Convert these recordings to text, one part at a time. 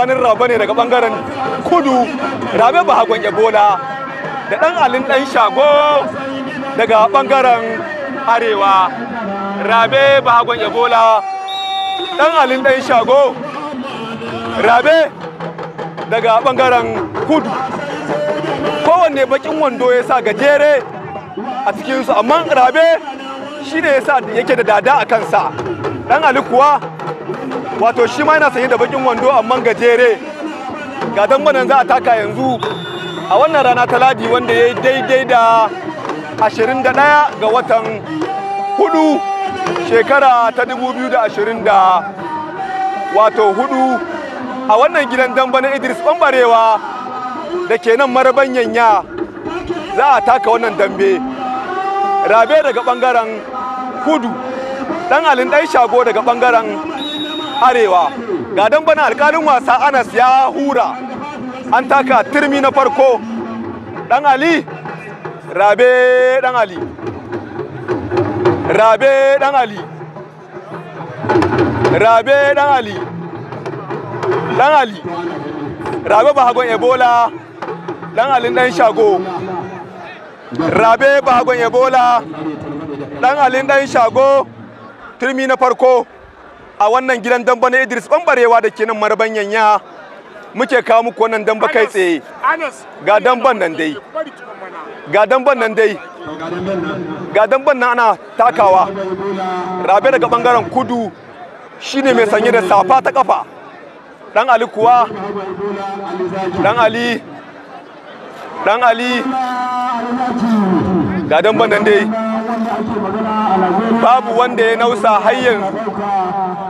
tsakanin rabe ne daga bangaren kudu rabe ba hagon ebola da dan alin dan shago daga bangaren arewa rabe ba hagon ebola dan alin dan shago rabe daga bangaren kudu kowanne bakin wando ya sa gajere a cikinsu amma rabe shi ne ya sa yake da dada a kansa dan ali kuwa wato shi ma yana sanye da bakin wando amma gajere ga dambanan za a taka yanzu a wannan rana ta ladi wanda ya yi daidai da 21 ga watan hudu shekara ta 2020 da wato hudu a wannan gidan damba na idris ɓambarewa da ke nan maraban yanya za a taka wannan dambe rabe daga ɓangaren kudu ɗan alin ɗan shago daga ɓangaren arewa ga dan bana alkalin wasa anas ya hura an taka turmi na farko dan ali rabe dan ali rabe dan ali rabe dan ali dan ali rabe bahagon ebola dan alin dan shago rabe bahagon ebola dan alin dan shago turmi na farko a wannan gidan damba na Idris Bambarewa da ke nan maraban ya muke kawo muku wannan damba kai tsaye ga damban nan dai ga damban nan dai ga damban nan ana takawa rabe daga bangaren kudu shine mai sanye da safa ta kafa dan ali kuwa dan ali dan ali ga damban nan dai babu wanda ya nausa har yanzu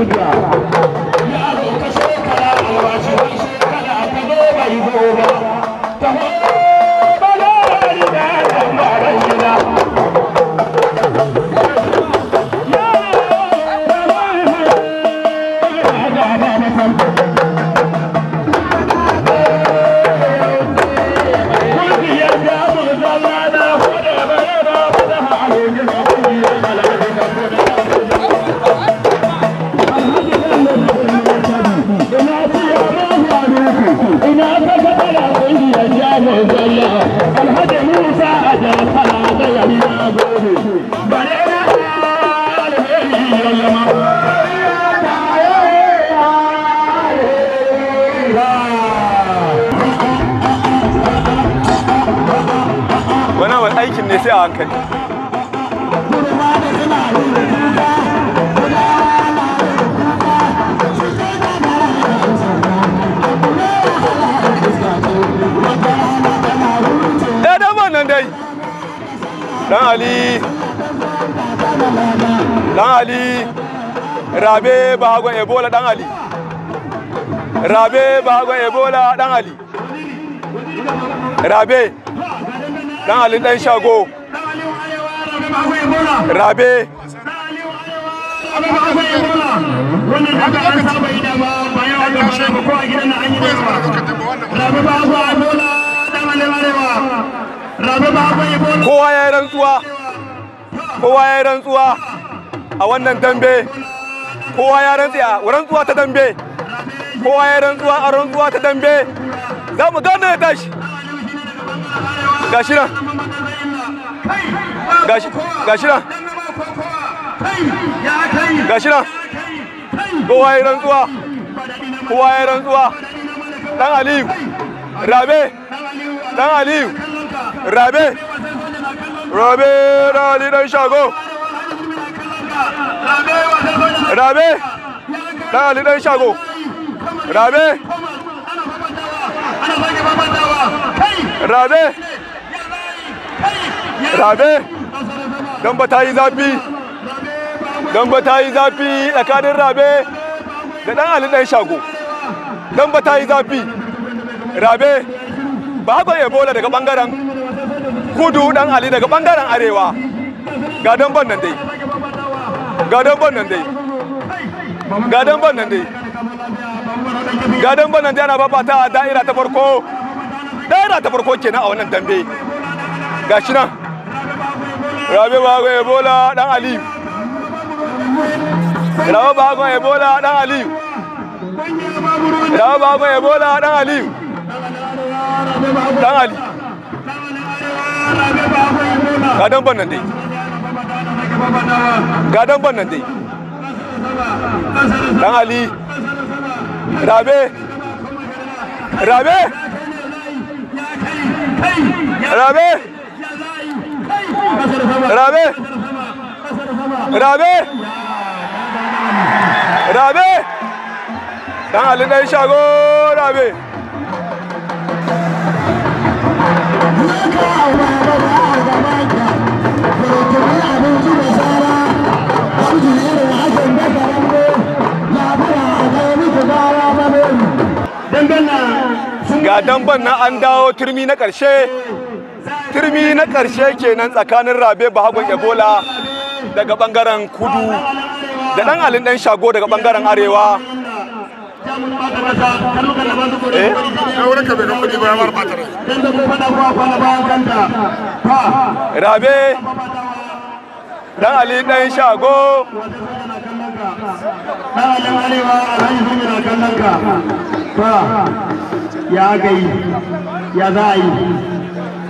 Good job. hankali eh, dai dan ali dan ali rabe bahagon ebola dan ali rabe bahagon ebola dan ali rabe dan ali dan shago rabe kowa ya yi rantsuwa kowa ya yi rantsuwa a wannan dambe kowa ya rantsuwa a rantsuwa ta dambe kowa ya yi rantsuwa a rantsuwa ta dambe za mu gane ya tashi gashi nan gashi nan nan kowa ya rantsuwa kowa ya rantsuwa dan aliyu rabe dan aliyu rabe rabe dan ali dan shago rabe dan ali dan shago rabe rabe rabe don ba ta yi zafi don ba yi zafi tsakanin rabe da dan ali dan shago don ba ta yi zafi rabe ba ba ebola daga bangaren kudu dan ali daga bangaren arewa ga don ban nan dai ga don ban nan dai ga don ban nan dai ga don ban nan dai ana babata a da'ira ta farko da'ira ta farko kenan a wannan dambe gashi nan rabe bagon ebola dan aliyu rabe bagon ebola dan aliyu rabe bagon ebola dan aliyu dan ali ga dan ban nan dai dan ban nan dai dan ali rabe rabe rabe rabe rabe rabe dan ali dan shago rabe ga damban na an dawo turmi na ƙarshe turmi na ƙarshe kenan tsakanin rabe bahagon ebola daga ɓangaren kudu da ɗan alin ɗan shago daga ɓangaren arewa eh? rabe ɗan alin ɗan shago ya gai ya za a yi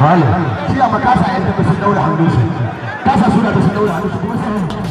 Halo. a Kasa suna da